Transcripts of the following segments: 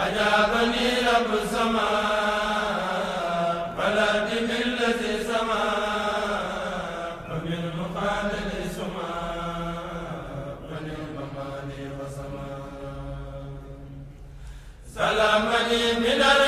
salaamani minal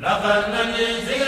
la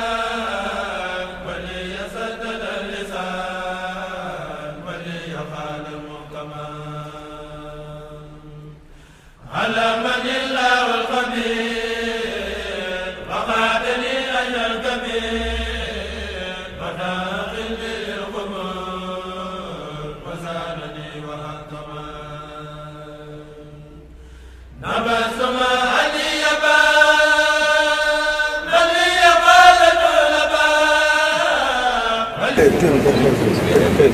waaw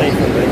waaw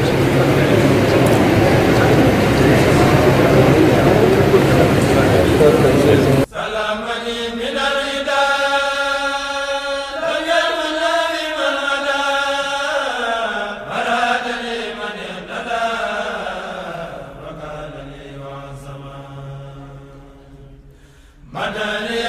Madani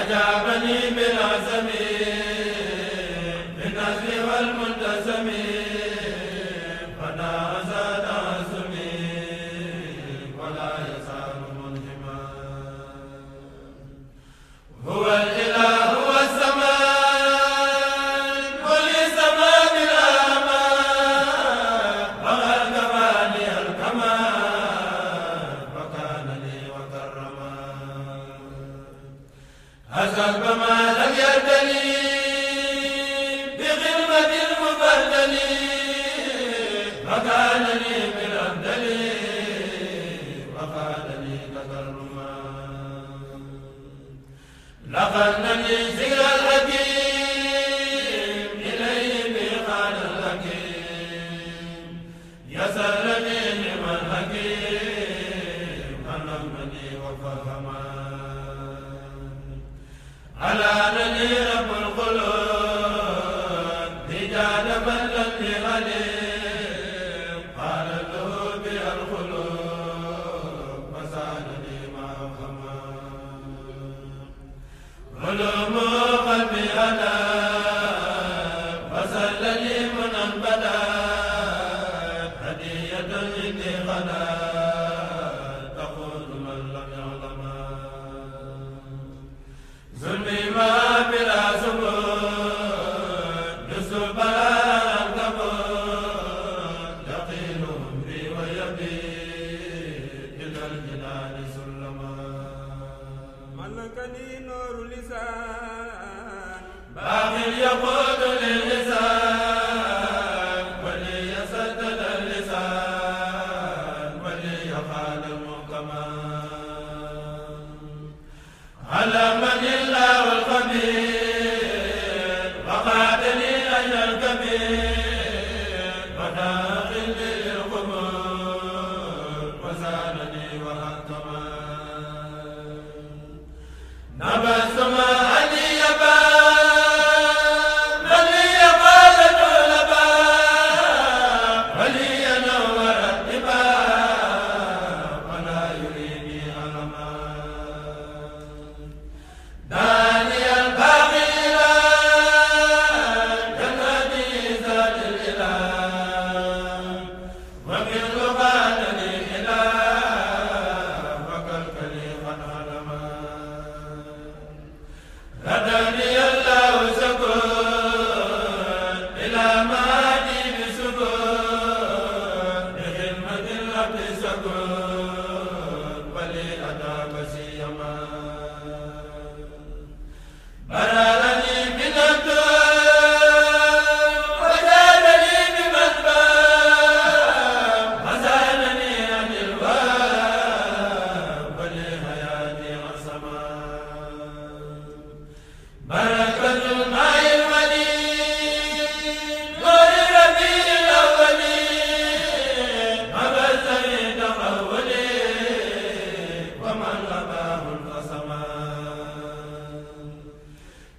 ajabani فقد من ذكر wala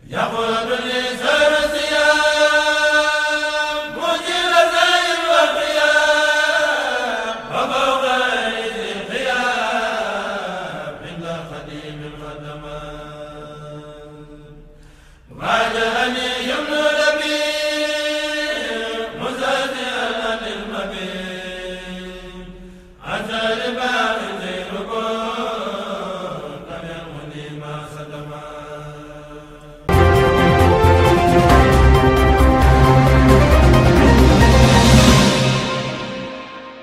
yàqu